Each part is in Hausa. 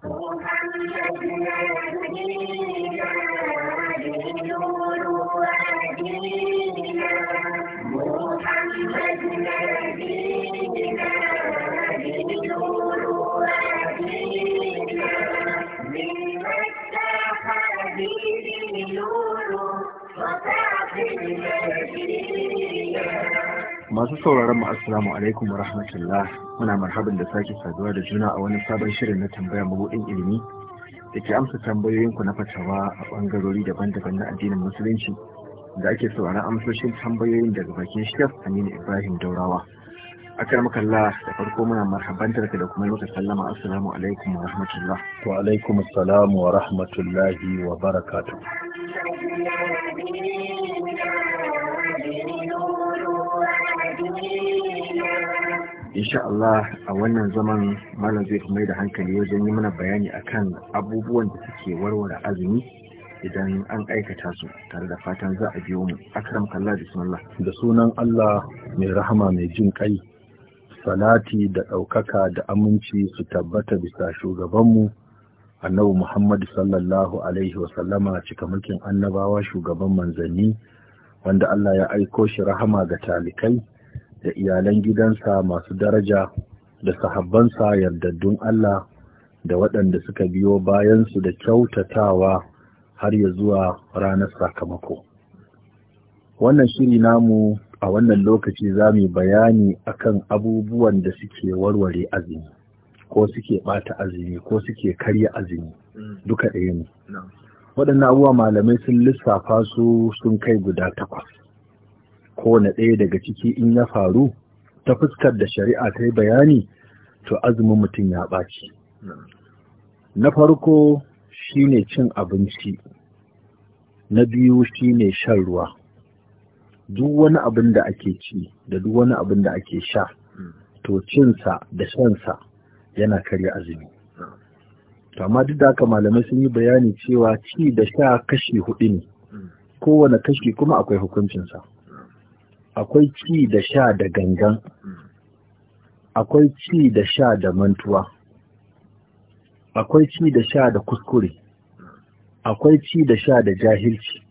不怕艰难险阻。Masu sauraron mu assalamu alaikum wa rahmatullah muna marhaban da sake saduwa da juna a wani sabon shirin na tambaya mabuɗin ilimi da ke amsa ku na fatawa a ɓangarori daban-daban na addinin musulunci da ake sauraron amsoshin tambayoyin daga bakin shaf Aminu Ibrahim Daurawa. akar makalla da farko muna marhabantar ka da kuma maka sallama assalamu alaikum wa rahmatullah wa alaikum assalam wa rahmatullahi wa barakatuh insha Allah a wannan zaman malam zai fi mai da hankali wajen yi mana bayani akan abubuwan da suke warware azumi idan an aikata su tare da fatan za a biyo mu akram kallah bismillah da sunan Allah mai rahama mai jin kai salati da ɗaukaka da aminci su tabbata bisa shugabanmu annabi Muhammad sallallahu alaihi wasallama mulkin annabawa shugaban manzanni wanda Allah ya aiko shi rahama ga talikai da iyalan gidansa masu daraja da sahabbansa yardaddun Allah da waɗanda suka biyo bayansu da kyautatawa har ya zuwa ranar sakamako. Wannan shiri namu a wannan lokaci za mu bayani akan abubuwan da suke warware azumi ko suke ɓata azumi ko suke karya azumi mm. duka ɗaya ne. Waɗannan abubuwa malamai sun lissafa su sun kai guda takwas. kowane ɗaya daga ciki in ya faru ta fuskar da shari'a ta yi bayani to azumin mutum ya ɓaci na farko shi ne cin abinci na biyu shi ne shan ruwa duk wani abin da ake ci da duk wani abin da ake sha to cinsa da shansa yana karya azumi to amma duk da haka malamai sun yi bayani cewa ci da sha kashi hudu ne kowane kashi kuma akwai hukuncinsa akwai ci da sha da gangan akwai ci da sha da mantuwa akwai ci da sha da kuskure akwai ci da sha da jahilci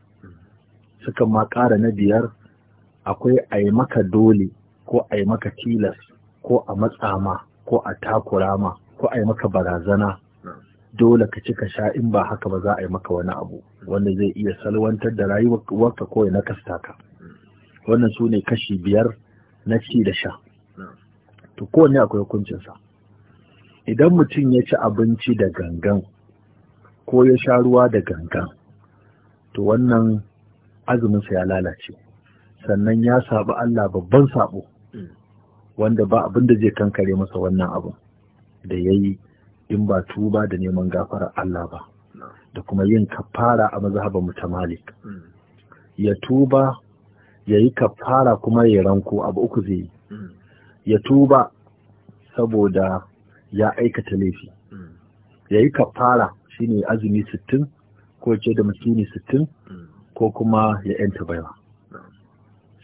suka ma ƙara na biyar akwai a yi maka dole ko a yi maka tilas ko a matsama ko a takurama ko a yi maka barazana dole ka ci ka sha in ba haka ba za a yi maka wani abu wanda zai iya salwantar da rayuwarka ko ya kasta ka wannan su ne kashi biyar na ci da sha to kowanne akwai hukuncinsa idan mutum ya ci abinci da gangan ko ya sha ruwa da gangan to wannan azuminsa ya lalace sannan ya saɓi Allah babban saɓo wanda ba abin da zai kankare masa wannan abin da ya yi in ba tuba da neman gafarar Allah ba da kuma yin kafara a mazhabar mutamalik ya tuba ya yi kafara kuma ya ranko abu uku zai yi mm. ya tuba saboda ya aikata laifi mm. ya yi kafara shine azumi sittin ko ce da sittin mm. ko kuma ya yanta baiwa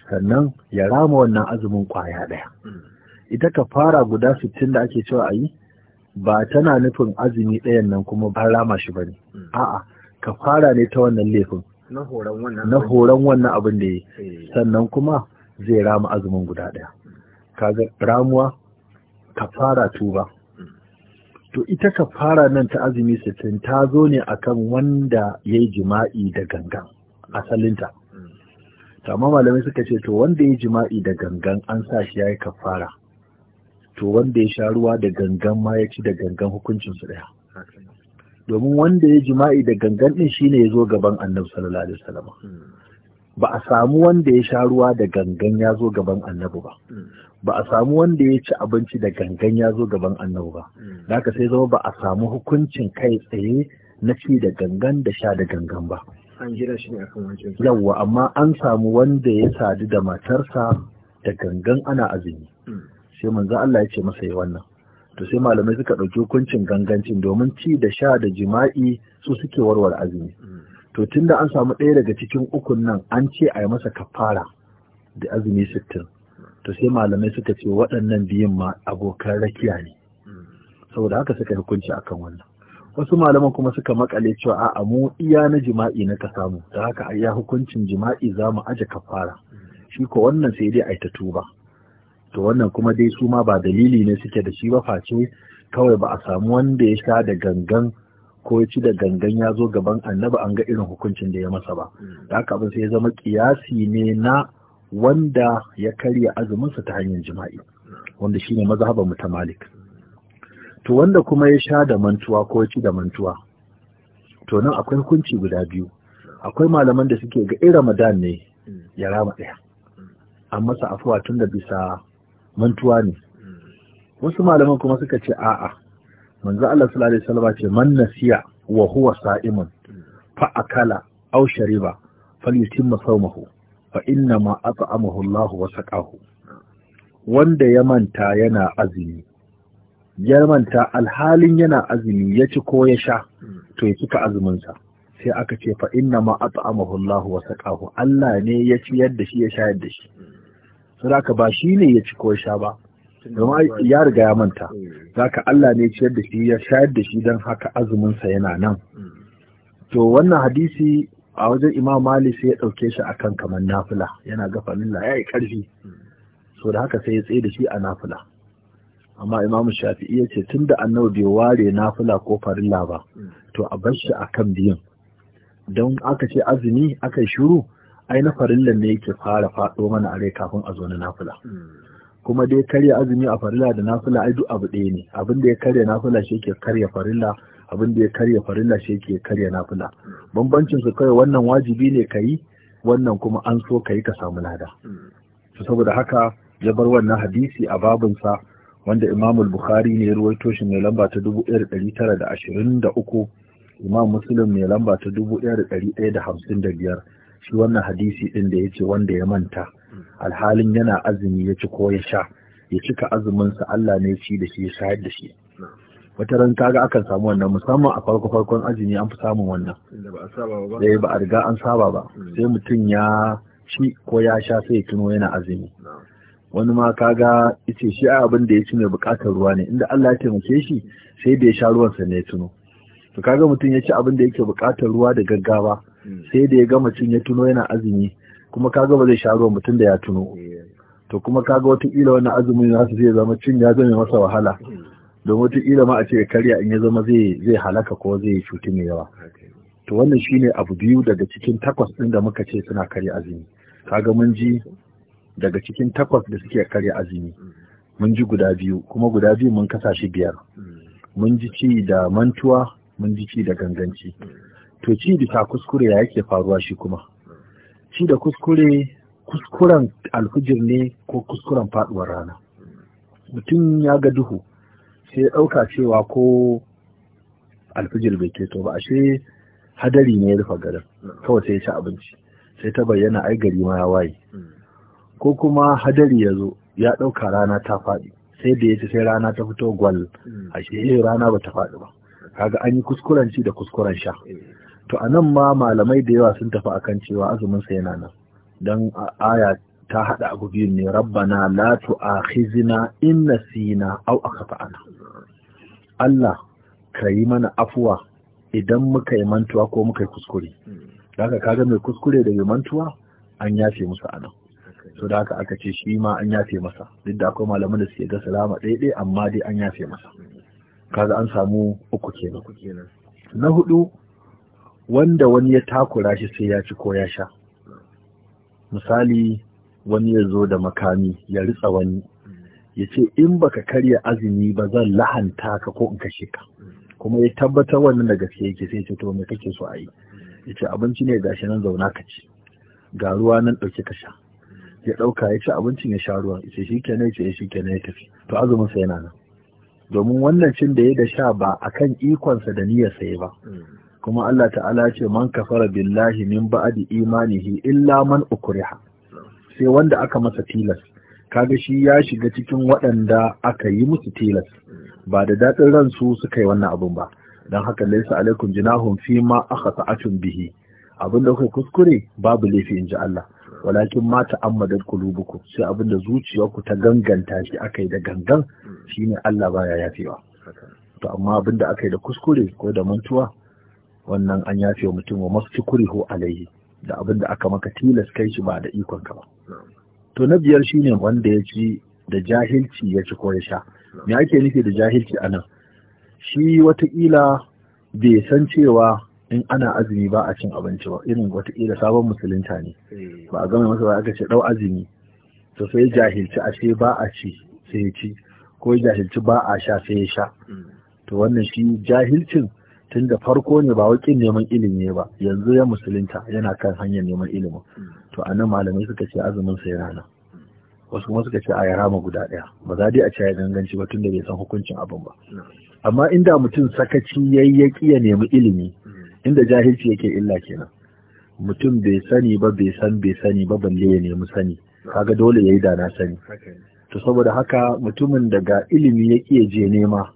sannan ya rama wannan azumin kwaya ɗaya ita kafara guda sittin da ake cewa a yi ba tana nufin azumi ɗayan nan kuma ba rama shi ba ne a'a kafara ne ta wannan laifin na horon wannan abin da ya yi. Eh. sannan kuma zai rama azumin guda ɗaya kaga ramuwa kafara tuba to ita ka fara nan ta azumi sittin ta zo ne akan wanda ya yi jima'i da gangan asalinta hmm. amma malamai suka ce to wanda ya yi jima'i da gangan an sa shi ya yi kafara to wanda ya sha ruwa da gangan ma ya ci da gangan hukuncinsu ɗaya domin wanda ya jima'i da gangan din shine ya zo gaban annabi sallallahu alaihi wasallam ba a samu wanda ya sha ruwa da gangan ya zo gaban annabi ba ba a samu wanda ya ci abinci da gangan ya zo gaban annabi ba da haka sai zama ba a samu hukuncin kai tsaye na ci da gangan da sha da gangan ba an jira shi ne akan wancan yawwa amma an samu wanda ya sadu da matarsa da gangan ana azumi hmm. sai manzo Allah ya ce masa yi wannan to sai malamai suka ɗauki hukuncin gangancin domin ci da sha da jima'i su suke warware azumi to tunda an samu ɗaya daga cikin ukun nan an ce a yi masa kafara da azumi sittin to sai malamai suka ce waɗannan biyun ma abokan rakiya ne saboda haka suka hukunci akan wannan wasu malaman kuma suka makale cewa a'a mu iya na jima'i na ka samu da haka a hukuncin jima'i za mu aje kafara shi ko wannan sai dai a ta tuba to wannan kuma dai su ma ba dalili ne suke da shi ba face kawai ba a samu wanda ya sha da gangan ko ya ci da gangan ya zo gaban annaba an ga irin hukuncin da ya masa ba mm. da haka abin sai ya zama kiyasi ne na wanda ya karya azuminsa ta hanyar jima'i wanda shine mazhaban mu ta malik to wanda kuma ya sha da mantuwa ko ya ci da mantuwa to nan akwai hukunci guda biyu akwai malaman da suke ga irin ramadan ne mm. ya rama ɗaya an masa afuwa tun da bisa mantuwa ne wasu malaman kuma suka ce a'a manzo Allah sallallahu alaihi ce man nasiya wa huwa sa'imun fa akala aw shariba falyutimma sawmahu fa inna ma at'amahu Allah wa saqahu wanda ya manta yana azumi ya manta alhalin yana azumi ya ci ko ya sha to ya cika azumin sai aka ce fa inna ma at'amahu Allah wa saqahu Allah ne ya ci yadda shi ya sha yadda shi saboda ba shi ne ya ci ko sha ba Gama ya riga ya manta zaka Allah ne ciyar da shi ya shayar da shi don haka azuminsa yana nan to wannan hadisi a wajen Imam Malik sai ya ɗauke shi akan kamar nafila yana ga falilla yayi karfi so da haka sai ya tsaye da shi a nafila amma Imam Shafi'i ya ce tunda annabi ya ware nafila ko farilla ba to a bar shi akan biyun don aka ce azumi aka shiru ai na farillan ne yake fara faɗo mana a rai kafin a zo na nafila kuma dai karya azumi a farilla da nafila ai duk abu ɗaya ne abin da ya karya nafila shi yake karya farilla abin da ya karya farilla shi yake karya nafila bambancin su kai wannan wajibi ne kayi wannan kuma an so kayi ka samu lada saboda haka ya bar wannan hadisi a babinsa wanda Imam Bukhari ne ya ruwaito shi mai lamba ta 1923 Imam Muslim mai lamba ta da da biyar. shi wannan hadisi ɗin da ya ce wanda ya manta alhalin yana azumi ya ci ko ya sha ya cika azuminsa Allah ne shi da shi ya shayar da shi wata ran kaga akan samu wannan musamman a farko farkon azumi an fi samun wannan sai eh, ba a riga an saba ba hmm. sai mutum ya ci ko ya sha sai ya tuno yana azumi wani ma kaga ice shi a abin da ya ci mai bukatar ruwa ne inda Allah ya taimake shi sai da ya sha ruwansa ne ya tuno to kaga mutum ya ci abin da yake bukatar ruwa da gaggawa Mm. sai da ya gama cin ya tuno yana azumi kuma kaga ba zai sha ruwan mutum da ya tuno eh. to kuma kaga ila wannan azumin nasu zai zama cin ya zama masa wahala mm. don ila ma a ce karya in ya zama zai zai halaka ko zai cuti mai yawa to wannan shine abu biyu daga cikin takwas ɗin da muka ce suna karya azumi kaga mun ji daga cikin takwas da suke karya azumi mm. mun ji guda biyu kuma guda biyu mun kasa shi biyar mun ji ci da mantuwa mun ji ci da ganganci to ci bisa kuskure ya yake faruwa shi kuma ci da kuskure kuskuren alfijir ne ko kuskuren faduwar rana mutum ya ga duhu sai ɗauka cewa ko alfijir bai keto ba ashe hadari ne ya rufe garin kawai sai ya ci abinci sai ta bayyana ai gari ma ya waye ko kuma hadari ya zo ya ɗauka rana ta faɗi sai da ya ci sai rana ta fito gwal hmm. ashe eh, rana ba ta faɗi ba kaga an yi kuskuren ci da kuskuren sha eh. to a nan ma malamai da yawa sun tafi akan cewa azumin sa yana nan dan aya ta hada abu biyu ne rabbana la tu'akhizna in nasina aw akhtana Allah ka yi mana afuwa idan muka yi mantuwa ko muka yi kuskure ka kaga mai kuskure da mai mantuwa an yafe musu anan so da haka aka ce shi ma an yafe masa duk da akwai malaman da suke ga salama daidai amma dai an yafe masa kaga an samu uku kenan na hudu wanda wani ya takura shi sai ya ci ko ya sha misali wani ya zo da makami ya ritsa wani ya ce in baka karya azumi ba zan lahanta ka ko in kashe ka kuma ya tabbatar wannan da gaske yake sai ce to me kake so a yi ya ce abinci ne gashi nan zauna ka ci ga ruwa nan ɗauke ka sha ya ɗauka ya ci abincin ya sha ruwan ya shi kenan ya ce shi kenan ya tafi to azumin sa yana nan domin wannan cin da ya da sha ba akan ikonsa da niyyarsa ya ba kuma Allah ta'ala ce man kafara billahi min ba'di imanihi illa man ukriha sai wanda aka masa tilas kaga shi ya shiga cikin waɗanda aka yi musu tilas ba da daɗin ransu suka yi wannan abun ba don haka laisa alaikum jinahum fi ma akhata'atum bihi abinda kuka kuskure babu laifi inji Allah walakin ma ta'ammadat qulubukum sai abinda zuciyarku ta ganganta shi akai da gangan shine Allah baya yafewa to amma abinda akai da kuskure ko da mantuwa wannan an yafe mutum wa masu kurihu alaihi da abin da aka maka tilas kai shi ba da ikon ka ba to na biyar shine wanda ya ci da jahilci ya ci ko ya sha me ake nufi da jahilci a nan shi watakila bai san cewa in ana azumi ba a cin abinci ba irin watakila sabon musulunta ne eh. ba a gama masa ba aka ce dau azumi to sai jahilci ashe ba a ci sai ya ci ko jahilci ba a sha sai ya sha hmm. to wannan shi jahilcin tun da farko ne ba wakin neman ilimi ne ba yanzu ya musulunta yana kan hanyar neman ilimi to a nan malamai suka ce azumin sai rana wasu kuma suka ce a ya rama guda ɗaya ba za dai a ce ya ganganci ba da bai san hukuncin abin ba amma inda mutum sakaci ya yi ya nemi ilimi inda jahilci yake illa kenan mutum bai sani ba bai san bai sani ba balle ya nemi sani kaga dole yayi yi da na sani to saboda haka mutumin daga ilimi ya ƙi je nema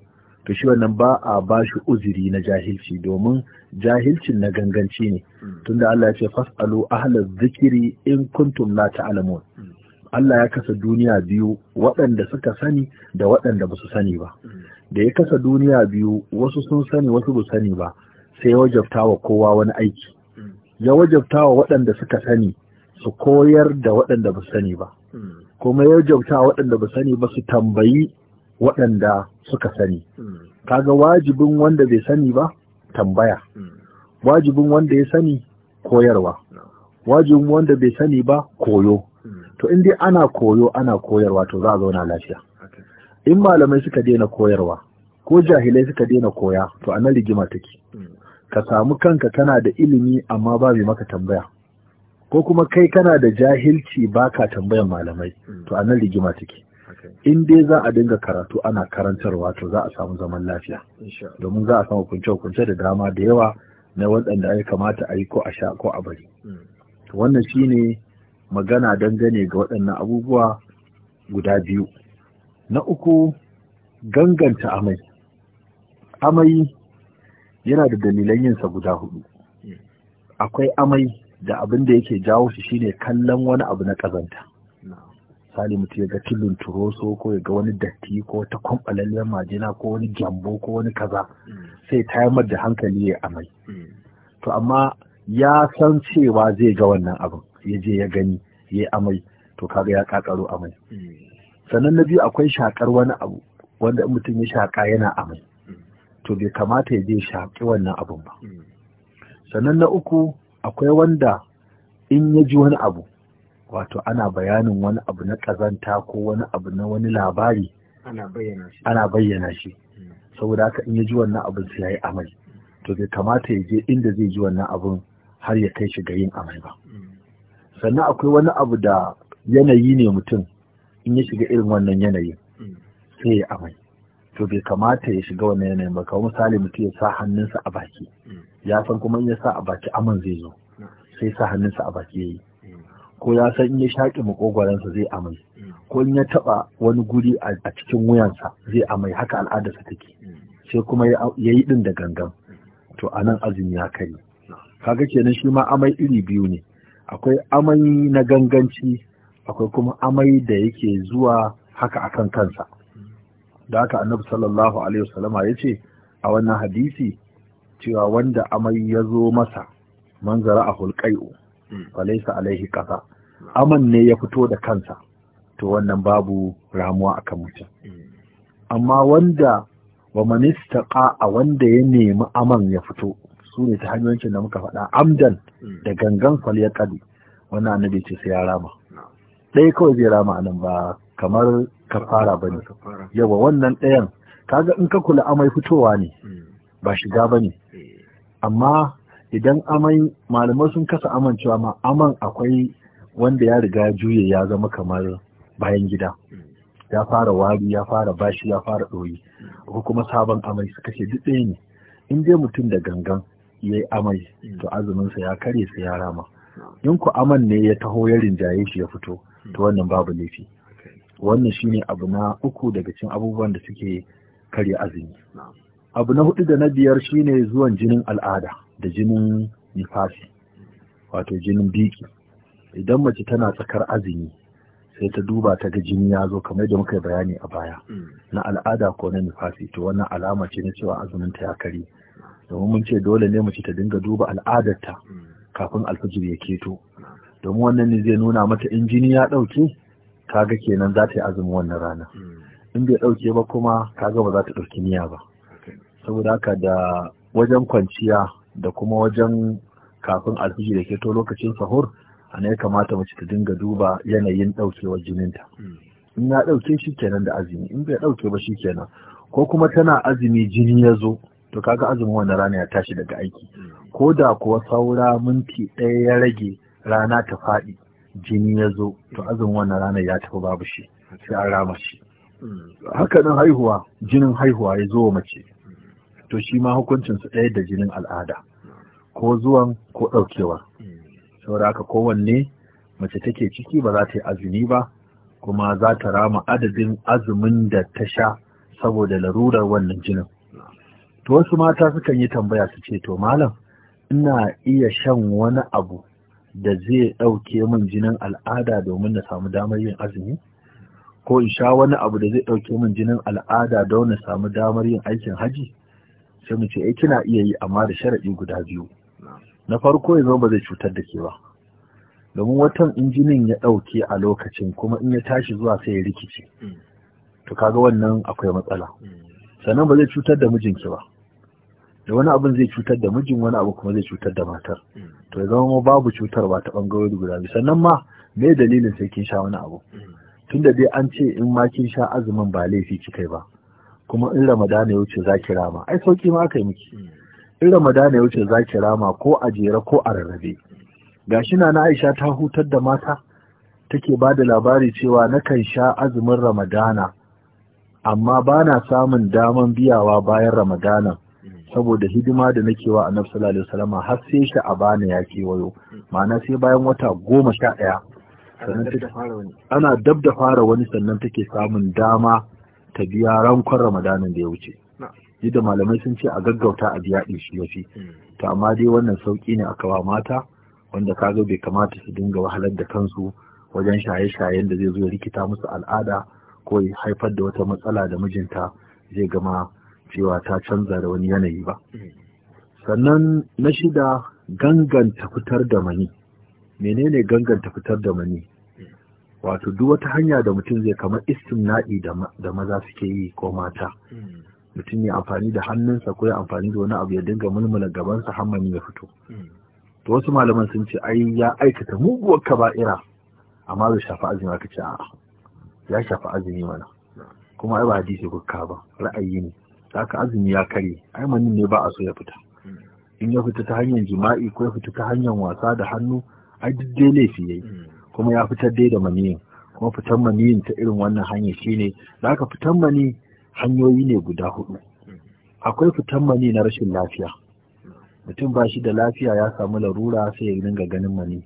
to shi wannan ba a ba shi uzuri na jahilci domin jahilcin na ganganci ne hmm. tunda Allah ya ce fasalu ahla zikiri in kuntum la ta'lamun hmm. Allah ya kasa duniya biyu waɗanda suka sani da waɗanda ba su sani ba hmm. da ya kasa duniya biyu wasu sun sani wasu ba sani ba sai ya wajabta wa kowa wani aiki ya wajabta wa waɗanda suka sani su koyar da waɗanda ba su sani ba kuma ya wajabta wa waɗanda ba su sani ba su tambayi waɗanda suka sani hmm. kaga wajibin wanda bai sani ba tambaya hmm. wajibin wanda ya sani koyarwa wajibin wanda bai sani ba koyo hmm. to in dai ana koyo ana koyarwa to za a zauna lafiya in malamai suka daina koyarwa ko jahilai suka daina koya to a rigima take ka samu kanka kana da ilimi amma ba mai maka tambaya ko kuma kai kana da jahilci baka tambayan malamai to a rigima take in dai za a dinga karatu ana karantarwa to za a samu zaman lafiya domin za a samu hukunce-hukunce da dama da yawa na waɗanda ya kamata a yi ko a sha ko a bari hmm. wannan shine magana dangane ga waɗannan abubuwa guda biyu na uku ganganta amai amai yana da dalilan yinsa guda hudu hmm. akwai amai da abin da yake jawo shi shine kallon wani abu na ƙazanta misali mutum ya ga tilin turoso ko ya ga wani datti ko ta kwamfalalliyar majina ko wani gyambo ko wani kaza sai tayar da hankali ya amai to amma ya san cewa zai ga wannan abin ya je ya gani ya amai to kaga ya kakaro amai sannan na biyu akwai shakar wani abu wanda mutum ya shaka yana amai to bai kamata ya je shaƙi wannan abun ba sannan na uku akwai wanda in ya ji wani abu wato ana bayanin wani abu na ƙazanta ko wani abu na wani labari ana bayyana shi hmm. saboda haka in ya ji wannan abin sai ya yi amai to bai kamata ya je inda zai ji wannan abin har ya kai shi ga yin amai ba hmm. sannan akwai wani abu da yanayi ne mutum in ya shiga irin wannan yanayin hmm. sai ya amai to bai kamata ya shiga wannan yanayin ba kawo misali mutum ya sa hannunsa a baki ya san kuma in ya sa a baki aman zai zo sai sa hannunsa a baki ya yi ko ya san in ya shaƙi makogwaransa zai amai ko ya taɓa wani guri a cikin wuyansa zai amai haka al'adarsa take sai kuma ya yi ɗin da gangan to a nan azumi ya kai kaga kenan shi ma amai iri biyu ne akwai amai na ganganci akwai kuma amai da yake zuwa haka akan kansa da haka annabi sallallahu alaihi wasallama ya ce a wannan hadisi cewa wanda amai ya zo masa manzara a hulƙai'u falaisa hmm. alaihi ƙasa aman ne ya fito da kansa to wannan babu ramuwa akan mutum hmm. amma wanda wa manista a wanda ya nemi aman ya fito su ne ta hanyoyin da muka faɗa amdan hmm. da gangan fal ya kadi wannan annabi ce sai ya rama ɗaya kawai zai rama a nan ba kamar kafara ba ne yawa wannan ɗayan kaga in ka kula amai fitowa ne ba shiga ba ne eh. amma idan amai malamai sun kasa amincewa ma aman akwai wanda ya riga juye ya zama kamar bayan gida ya fara wari ya fara bashi ya fara ɗoyi ko kuma sabon amai suka ce duk ne in dai mutum da gangan ya yi amai to azuminsa ya karye su ya rama in ku aman ne ya taho ya rinjaye shi ya fito to wannan babu laifi wannan shine abu na uku daga cikin abubuwan da suke karya azumi abu na hudu da na biyar shine zuwan jinin al'ada da jinin nifasi wato jinin biki idan mace tana tsakar azumi sai ta duba ta ga jini ya zo kamar da muka bayani a baya hmm. na al'ada ko na nifasi to wannan alama ce na cewa azumin ta ya kare domin mun ce dole ne mace ta dinga duba al'adarta hmm. kafin alfajir ya keto hmm. domin wannan ne zai nuna mata in jini ya ɗauke kaga kenan za ta yi azumin wannan rana in bai ɗauke ba kuma kaga ba za ta ɗauki niyya ba saboda haka da wajen kwanciya da kuma wajen kafin alfiji da ke to lokacin sahur a ya kamata mace ta dinga duba yanayin ɗaukewar jininta hmm. in ya ɗauke shi kenan da azumi in bai ɗauke ba shi kenan ko kuma tana azumi jini ya zo to kaga azumin wannan rana ya tashi daga aiki hmm. ko da kuwa saura minti ɗaya ya rage rana ta faɗi jini ya zo to hmm. azumin wannan rana ya tafi babu shi sai an rama shi haka nan haihuwa jinin haihuwa ya zo mace to shi ma su ɗaya da jinin al'ada ko zuwan ko ɗaukewa saboda haka kowanne mace take ciki ba za ta yi azumi ba kuma za ta rama adadin azumin da ta sha saboda larurar wannan jinin to wasu mata sukan yi tambaya su ce to malam ina iya shan wani abu da zai ɗauke min jinin al'ada domin na samu damar yin azumi ko in sha wani abu da zai ɗauke min jinin al'ada don na samu damar yin aikin haji sai mu ce eh kina iya yi amma da sharadi guda biyu na farko ya zama ba zai cutar da ke ba domin watan injinin ya ɗauke a lokacin kuma in ya tashi zuwa sai ya rikice to kaga wannan akwai matsala sannan ba zai cutar da mijinki ba da wani abin zai cutar da mijin wani abu kuma zai cutar da matar to ya zama babu cutarwa ta bangarori guda biyu sannan ma me dalilin sai kin sha wani abu tunda dai an ce in ma kin sha azumin ba laifi kika ba kuma in ramadana ya wuce za ki rama ai sauki ma aka yi miki hmm. in ramadana ya wuce za ki rama ko a jere ko a rarrabe gashi na na aisha ta hutar da mata take ba da labari cewa na kan sha azumin ramadana amma ba na samun daman biyawa bayan ramadana hmm. saboda hidima da nake wa annabi sallallahu alaihi wasallam har sai shi a bana ya kewayo hmm. ma'ana sai bayan wata goma sha ɗaya ana dab da fara wani sannan take samun dama ta biya rankon ramadanin da ya wuce yadda malamai sun ce a gaggauta a biya ɗin shi fi. Hmm. to amma dai wannan sauƙi ne aka wa mata wanda zo bai kamata su dinga wahalar da kansu wajen shaye-shayen da zai zo ya rikita musu al'ada ko ya haifar da wata matsala da mijinta zai gama cewa ta canza da wani yanayi ba hmm. sannan na shida ganganta fitar da mani menene ganganta fitar da mani wato duk wata hanya da mutum zai kamar istimna'i da maza suke yi ko mata hmm. mutum ya amfani da hannunsa ko ya amfani da wani abu ya dinga mulmula gabansa hammani ya fito hmm. to wasu malaman sun ce ai ya aikata muguwar kaba'ira amma zai shafi azumi aka ce a'a ya shafi azumi mana kuma ai ba hadisi kuka ba ra'ayi ne haka azumi ya kare ai manin ne ba a so ya fita hmm. in ya fita ta hanyar jima'i ko ya fita ta hanyar wasa da hannu ai duk dai laifi yayi kuma ya fitar dai da maniyin kuma fitar maniyin ta irin wannan hanya shine da aka fitar mani hanyoyi ne guda hudu akwai fitar mani na rashin lafiya mutum ba shi da lafiya ya samu larura sai ya dinga ganin mani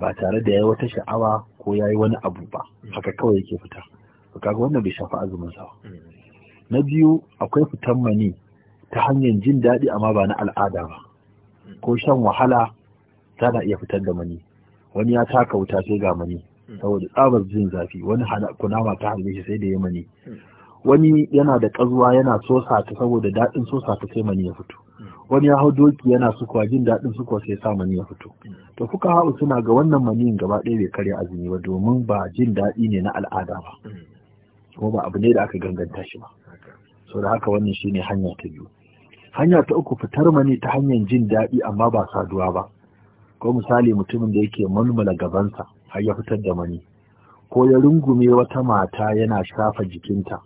ba tare da ya wata sha'awa ko ya yi wani abu ba haka kawai yake fita ga wannan bai shafi azumin sa na biyu akwai fitar mani ta hanyar jin daɗi amma ba na al'ada ba ko shan wahala tana iya fitar da mani wani ya taka wuta sai ga mani hmm. saboda tsabar jin zafi wani kunama ta harbe shi sai da ya mani hmm. wani yana da kazuwa yana sosa ta saboda daɗin sosa ta sai mani ya fito hmm. wani ya hau doki yana sukuwa jin daɗin sukuwa sai sa mani ya fito to fuka hau suna ga wannan maniyin gaba ɗaya bai karya azumi ba domin ba jin dadi ne na al'ada ba kuma ba abu ne da aka ganganta shi ba so da haka wannan shine hanya ta biyu hanya ta uku fitar mani ta hanyar jin dadi amma ba saduwa ba ko misali mutumin da yake mulmula gabansa har ya fitar da mani ko ya rungume wata mata yana shafa jikinta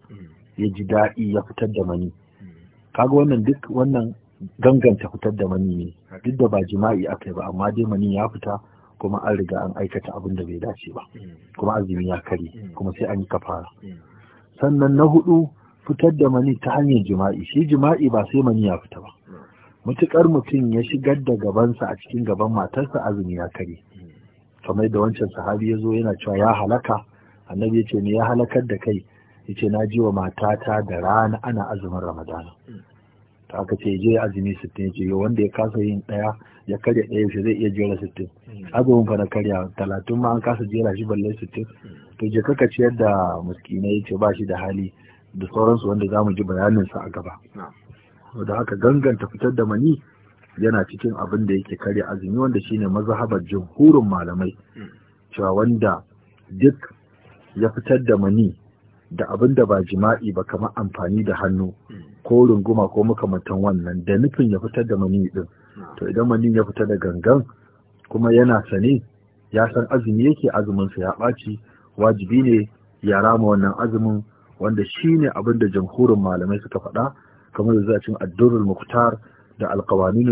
ya ji daɗi ya fitar da mani kaga wannan duk wannan ganganta fitar da mani ne duk da ba jima'i aka yi ba amma dai mani ya fita kuma an riga an aikata abin da bai dace ba kuma azumi ya kare kuma sai an yi kafara sannan na hudu fitar da mani ta hanyar jima'i shi jima'i ba sai mani ya fita ba Mutuƙar mutum ya shigar da gabansa a cikin gaban matarsa azumi ya kare kamar da wancan sahabi ya zo yana cewa ya halaka annabi ya ce ni ya halakar da kai ya ce na ji wa matata da rana ana azumin ramadana ta aka ce je azumi sittin ya ce wanda ya kasa yin ɗaya ya karya ɗaya shi zai iya jera sittin azumin fa na karya talatin ma an kasa jera shi balle sittin to je kaka ciyar da muskinai ya ce ba shi da hali da sauransu wanda za mu ji bayaninsa a gaba. da haka ganganta fitar da mani yana cikin abin da yake kare azumi wanda shine mazhabar jumhurin malamai cewa wanda duk ya fitar da mani da abin da ba jima'i ba kamar amfani da hannu ko runguma ko makamantan wannan da nufin ya fitar da mani din to idan mani ya fita da gangan kuma yana sane ya san azumi yake azumin sa ya ɓaci wajibi ne ya rama wannan azumin wanda shine abin da jamhurin malamai suka faɗa kamar da zacin addurul muktar da na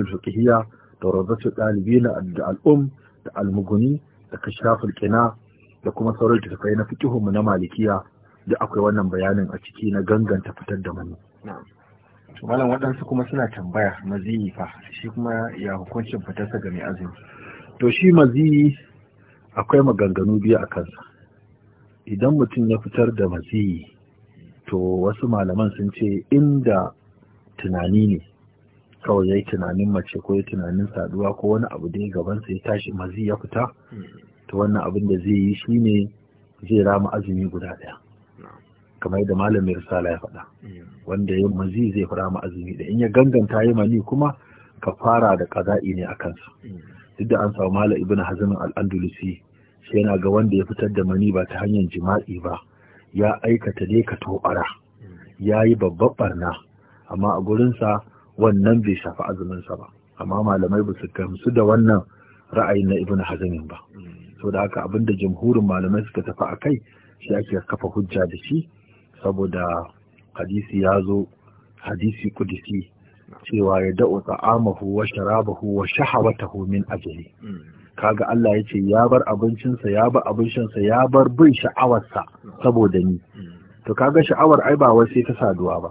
fiqhiyya da rawdatu ɗalibi da al'um da almuguni da shafin ƙina da kuma sauran tafai na fiqhu mu na malikiya da akwai wannan bayanin a ciki na ganganta fitar da mani malam waɗansu kuma suna tambaya maziyi fa shi kuma ya hukuncin fitarsa ga mai azumi to shi maziyi akwai maganganu biyu a kansa idan mutum ya fitar da maziyi to wasu malaman sun ce inda tunani ne kawai ya yi tunanin mace ko ya tunanin saduwa ko wani abu da ya gabansa ya tashi mazi ya fita to wannan abin da zai yi shi ne zai rama azumi guda ɗaya kamar yadda malamin risala ya faɗa wanda ya mazi zai rama azumi da in ya ganganta ya mani kuma ka fara da kaza'i ne a kansa duk da an samu malam ibn hazamin al-andalusi shi yana ga wanda ya fitar da mani ba ta hanyar jima'i ba ya aikata dai ka tobara ya yi babbar barna amma a gurinsa wannan bai shafi azuminsa ba amma malamai ba su gamsu da wannan ra'ayin na ibn hazamin ba saboda haka abinda jamhurin malamai suka tafi a kai shi ake kafa hujja da shi saboda hadisi ya zo hadisi kudisi cewa ya da'u ta'amahu wa sharabahu wa shahawatahu min ajali kaga Allah ya ce ya bar abincinsa ya bar abincinsa ya bar bin sha'awarsa saboda ni to kaga sha'awar ai ba wai sai ta saduwa ba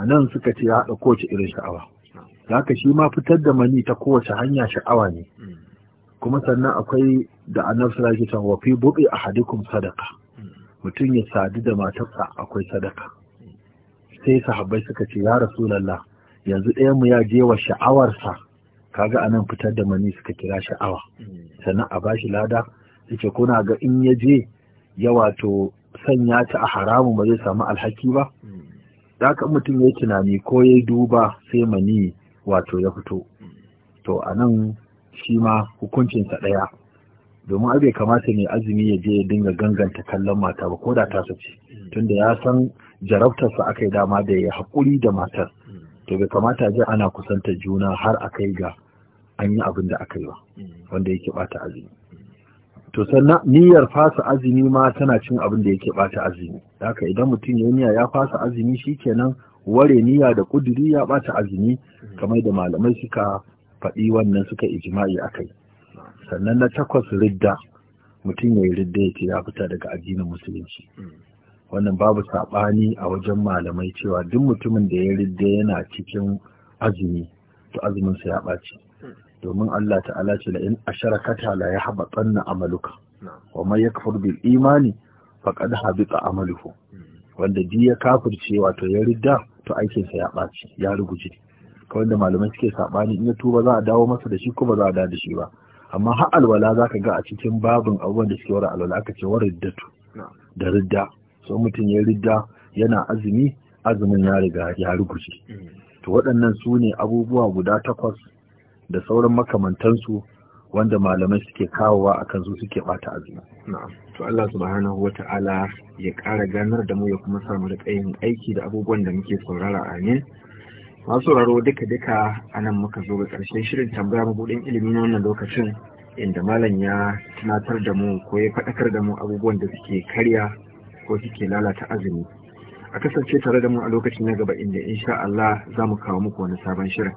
a nan suka ce ya haɗa kowace irin sha'awa ka shi ma fitar da mani ta kowace hanya sha'awa ne kuma sannan akwai da annabi sallallahu alaihi wa fi a ahadikum sadaka mutum ya sadu da matarsa akwai sadaka sai sahabbai suka ce ya rasu lalla. yanzu ɗaya mu ya je wa sha'awarsa kaga anan fitar da mani suka kira sha'awa sannan a bashi lada yace kuna ga in ya je ya wato sanya ta a haramun ba zai samu alhaki ba da kan mutum ya tunani ko ya duba sai mani wato ya fito to a nan shi ma hukuncinsa ɗaya domin abe kamata ne azumi ya je ya dinga ganganta kallon mata ba ko da ta sace tunda ya san jarabtarsa aka yi dama da ya hakuri da matar to bai kamata je ana kusanta juna har a kai ga an yi abin da aka yi ba wanda yake bata azumi to sannan niyyar fasa azumi ma tana cin abin da yake bata azumi haka idan mutum ya niyya ya fasa azumi shikenan ware niyya da kuduri ya bata azumi kamar da malamai suka faɗi wannan suka ijma'i akai sannan na takwas ridda mutum ya yi ridda ya ya fita daga addinin musulunci wannan babu saɓani a wajen malamai cewa duk mutumin da ya ridda yana cikin azumi to azuminsa ya ɓaci domin Allah ta'ala ce la in asharakata la yahbatanna amaluka wa man yakfur bil imani faqad habita amaluhu wanda duk ya kafirce wato ya ridda to aikin sa ya baci ya ruguje kawai da malamai suke sabani in ya tuba za a dawo masa da shi ko ba za a dawo da shi ba amma har alwala zaka ga a cikin babin abubuwan da suke wara alwala aka ce wa riddatu da ridda so mutum ya ridda yana azumi azumin ya riga ya ruguje mm. to waɗannan su ne abubuwa guda takwas da sauran makamantansu wanda malamai suke kawowa a kan su suke bata azumi. Na'am. To Allah subhanahu wa ta'ala ya ƙara ganar da mu ya kuma samu da yin aiki da abubuwan da muke saurara amin. Masu sauraro duka duka anan muka zo ga ƙarshen shirin tambaya mabuɗin ilimi na wannan lokacin inda malam ya tunatar da mu ko ya faɗakar da mu abubuwan da suke karya ko suke lalata azumi. A kasance tare da mu a lokacin na gaba inda insha Allah za mu kawo muku wani sabon shirin.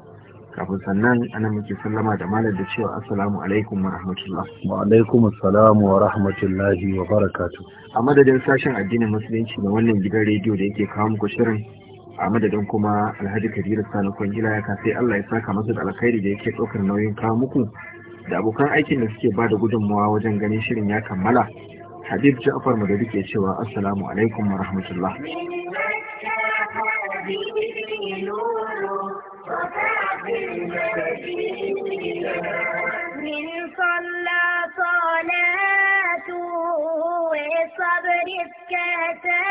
kafin sannan ana muke sallama da malar da cewa assalamu alaikum wa rahmatullah wa alaikum assalamu wa rahmatullahi wa barakatu a madadin sashen addinin musulunci na wannan gidan rediyo da yake kawo muku shirin a madadin kuma alhaji kabiru sani kwangila ya kasai allah ya saka masa da alkhairi da yake ɗaukar nauyin kawo muku da abokan aikin da suke ba da gudunmawa wajen ganin shirin ya kammala habib ja'far mu da duke cewa assalamu alaikum wa rahmatullah بالمدينة من صلى صلاته وصبر